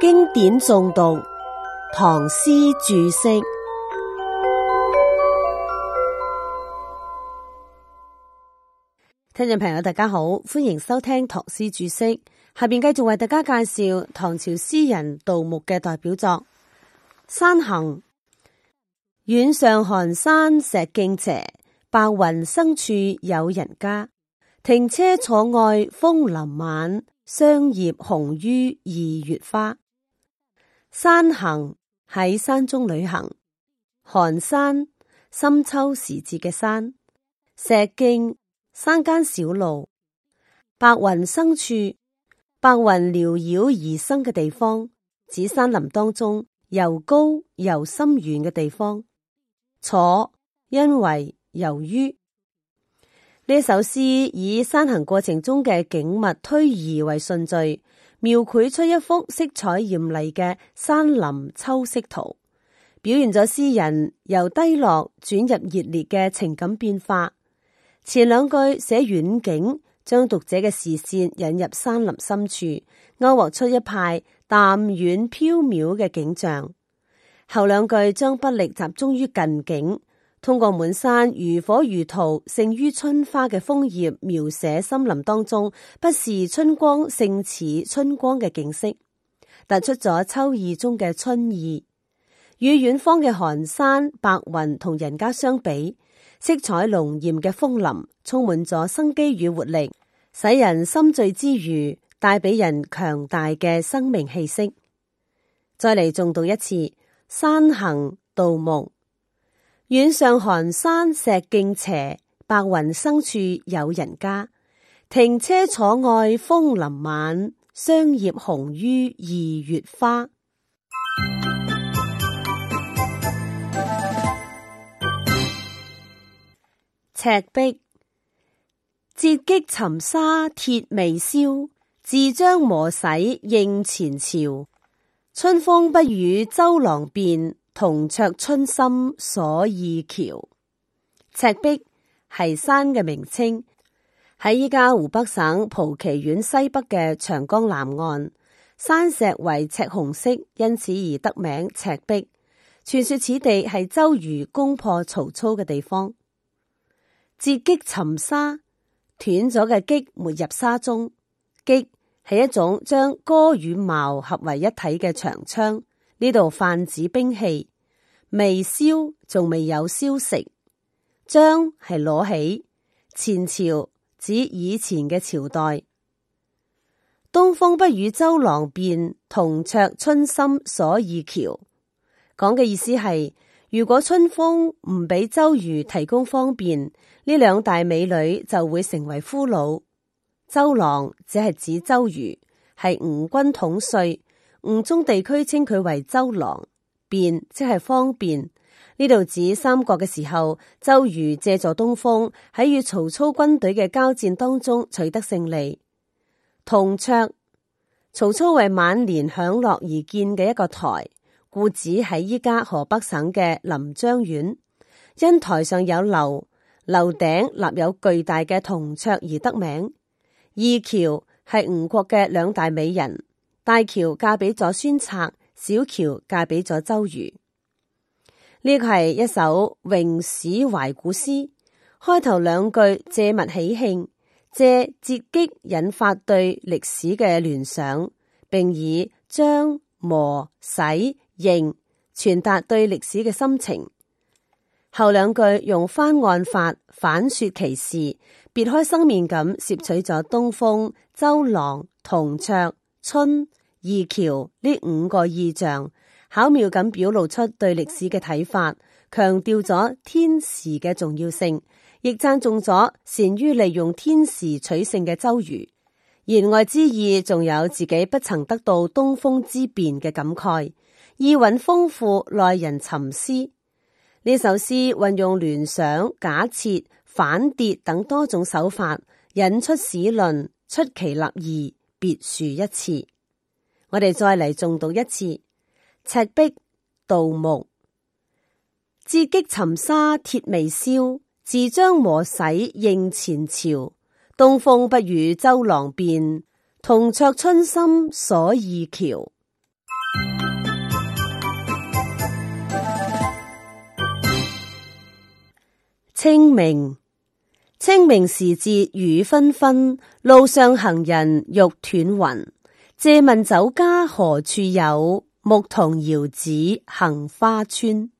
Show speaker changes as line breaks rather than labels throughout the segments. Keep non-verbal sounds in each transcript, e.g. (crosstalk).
經典誦讀，唐詩注釋。聽眾朋友，大家好，歡迎收聽《唐詩注釋》。下邊繼續為大家介紹唐朝詩人杜牧嘅代表作《山行》。遠上寒山石徑斜，白雲深處有人家。停車坐愛楓林晚，霜葉紅於二月花。山行，喺山中旅行。寒山，深秋時節嘅山。石徑，山間小路。白雲深處，白雲繚繞而生嘅地方，指山林當中由高由深遠嘅地方。坐，因為由於。呢首詩以山行過程中嘅景物推移為順序。描繪出一幅色彩艷麗嘅山林秋色圖，表現咗詩人由低落轉入熱烈嘅情感變化。前兩句寫遠景，將讀者嘅視線引入山林深處，勾畫出一派淡遠縹緲嘅景象；後兩句將筆力集中於近景。通過滿山如火如荼勝於春花嘅楓葉描寫森林當中不是春光勝似春光嘅景色，突出咗秋意中嘅春意，與遠方嘅寒山白雲同人家相比，色彩濃艷嘅楓林充滿咗生機與活力，使人心醉之餘帶畀人強大嘅生命氣息。再嚟重讀一次《山行》杜牧。遠上寒山石徑斜，白雲生處有人家。停車坐愛楓林晚，霜葉紅於二月花。赤壁，折戟沉沙鐵未銷，自將磨洗認前朝。春風不與周郎便，銅雀春深鎖二喬，赤壁係山嘅名稱，喺依家湖北省蒲圻縣西北嘅長江南岸。山石為赤紅色，因此而得名赤壁。傳說此地係周瑜攻破曹操嘅地方。折戟沉沙，斷咗嘅戟沒入沙中。戟係一種將戈與矛合為一體嘅長槍，呢度泛指兵器。未消，仲未有消食。將係攞起，前朝指以前嘅朝代。東風不與周郎便，銅雀春深鎖二喬。講嘅意思係，如果春風唔俾周瑜提供方便，呢兩大美女就會成為俘虜。周郎只係指周瑜，係吳軍統帥，吳中地區稱佢為周郎。便即係方便，呢度指三國嘅時候，周瑜借助東風喺與曹操軍隊嘅交戰當中取得勝利。銅雀，曹操為晚年享樂而建嘅一個台，故址喺依家河北省嘅臨漳縣，因台上有樓，樓頂立有巨大嘅銅雀而得名。二喬係吳國嘅兩大美人，大喬嫁俾咗孫策。小喬嫁俾咗周瑜，呢個係一首詠史懷古詩。開頭兩句借物喜慶，借折戟引發對歷史嘅聯想，並以將磨洗認傳達對歷史嘅心情。後兩句用翻案法反說其事，別開生面咁攝取咗東風、周郎、銅雀春。二橋呢五個意象巧妙咁表露出對歷史嘅睇法，強調咗天時嘅重要性，亦讚頌咗善於利用天時取勝嘅周瑜。言外之意，仲有自己不曾得到東風之便嘅感慨。意蘊豐富，耐人尋思。呢首詩運用聯想、假設、反跌等多種手法，引出史論，出奇立異，別樹一幟。我哋再嚟重讀一次：赤壁，杜牧。折戟沉沙鐵未銷，自將磨洗認前朝。東風不與周郎便，銅雀春深鎖二喬。清明，清明時節雨紛紛，路上行人欲斷魂。借問酒家何處有？牧童遙指杏花村。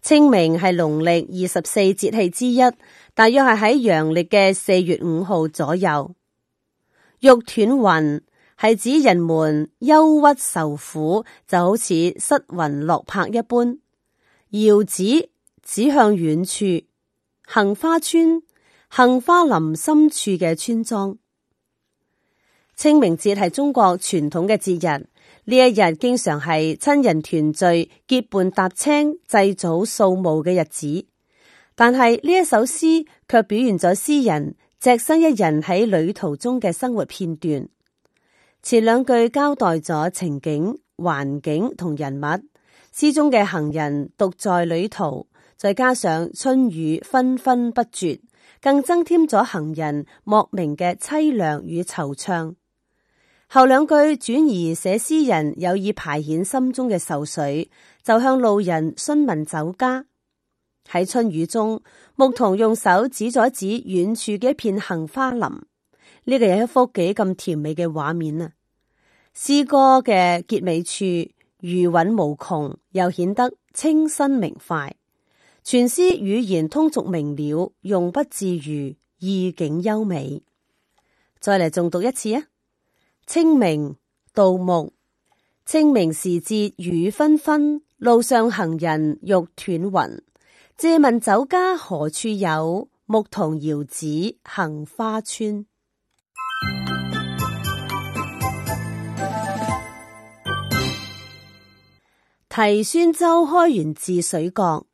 清明係農曆二十四節氣之一，大約係喺陽曆嘅四月五號左右。欲斷魂係指人們憂鬱受苦，就好似失魂落魄一般。遙指，指向遠處。杏花村，杏花林深處嘅村莊。清明節係中國傳統嘅節日，呢一日經常係親人團聚、結伴踏青、祭祖掃墓嘅日子。但係呢一首詩卻表現咗詩人隻身一人喺旅途中嘅生活片段。前兩句交代咗情景、環境同人物，詩中嘅行人獨在旅途，再加上春雨紛紛不絕，更增添咗行人莫名嘅淒涼與惆悵。後兩句轉而寫詩人有意排遣心中嘅愁緒，就向路人詢問酒家。喺春雨中，牧童用手指咗指遠處嘅一片杏花林，呢、這個有一幅幾咁甜美嘅畫面啊！詩歌嘅結尾處餘韻無窮，又顯得清新明快。全詩語言通俗明了，用不自如，意境優美。再嚟重讀一次啊！清明杜牧：清明時節雨紛紛，路上行人欲斷魂。借問酒家何處有？牧童遙指杏花村。 (music) 題宣州開元寺水閣：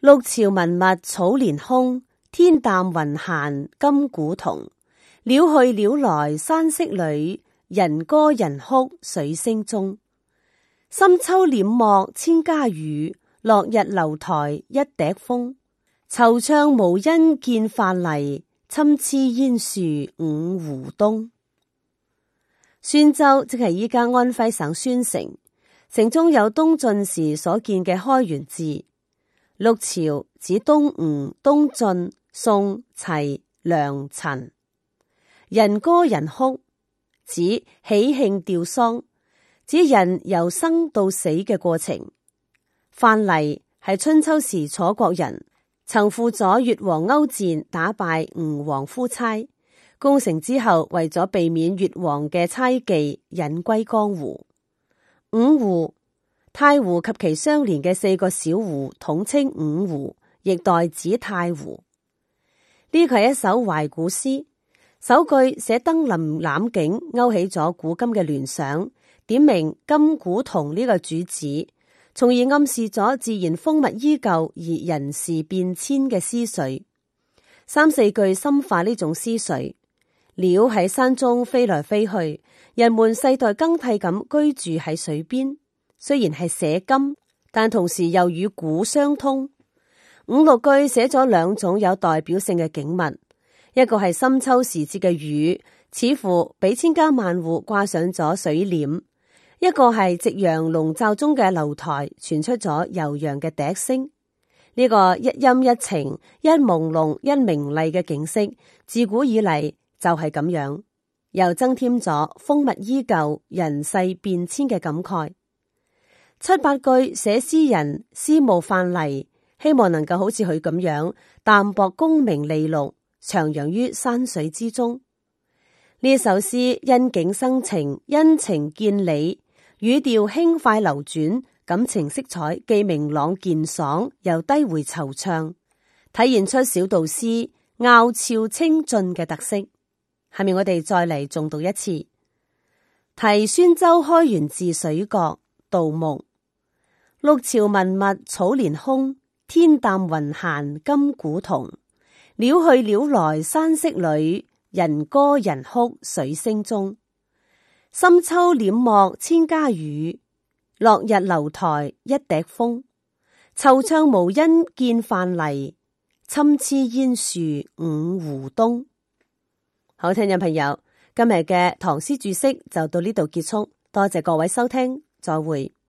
六朝文物草連空，天淡雲閑今古同。鳥去鳥來山色裏，人歌人哭水聲中。深秋簾幕千家雨，落日樓臺一笛風。惆悵無因見范蠡，參差煙樹五湖東。宣州即係依家安徽省宣城，城中有東晉時所建嘅開元寺。六朝指東吳、東晉、宋、齊、梁、陳。人歌人哭，指喜慶弔喪，指人由生到死嘅過程。范蠡係春秋時楚國人，曾赴咗越王勾踐打敗吳王夫差，攻城之後為咗避免越王嘅猜忌，隱歸江湖。五湖、太湖及其相連嘅四個小湖統稱五湖，亦代指太湖。呢個係一首懷古詩。首句寫登臨覽景，勾起咗古今嘅聯想，點明今古同呢個主旨，從而暗示咗自然風物依舊而人事變遷嘅思緒。三四句深化呢種思緒，鳥喺山中飛來飛去，人們世代更替咁居住喺水邊。雖然係寫金，但同時又與古相通。五六句寫咗兩種有代表性嘅景物。一個係深秋時節嘅雨，似乎俾千家萬戶掛上咗水簾；一個係夕陽籠罩中嘅樓台，傳出咗悠揚嘅笛聲。呢個一陰一晴、一朦朧、一明麗嘅景色，自古以嚟就係咁樣，又增添咗風物依舊、人世變遷嘅感慨。七八句寫詩人，思慕范蠡，希望能夠好似佢咁樣淡薄功名利祿徜徉於山水之中，呢首詩因景生情，因情見理，語調輕快流轉，感情色彩既明朗健爽又低回惆悵，體現出小杜詩拗峭清俊嘅特色。下面我哋再嚟重讀一次《題宣州開元寺水閣》，杜牧：六朝文物草連空，天淡雲閒今古同。鳥去鳥來山色裏，人歌人哭水聲中。深秋簾幕千家雨，落日樓臺一笛風。惆悵無因見范蠡，參差煙樹五湖東。好聽嘅朋友，今日嘅唐詩注釋就到呢度結束，多謝各位收聽，再會。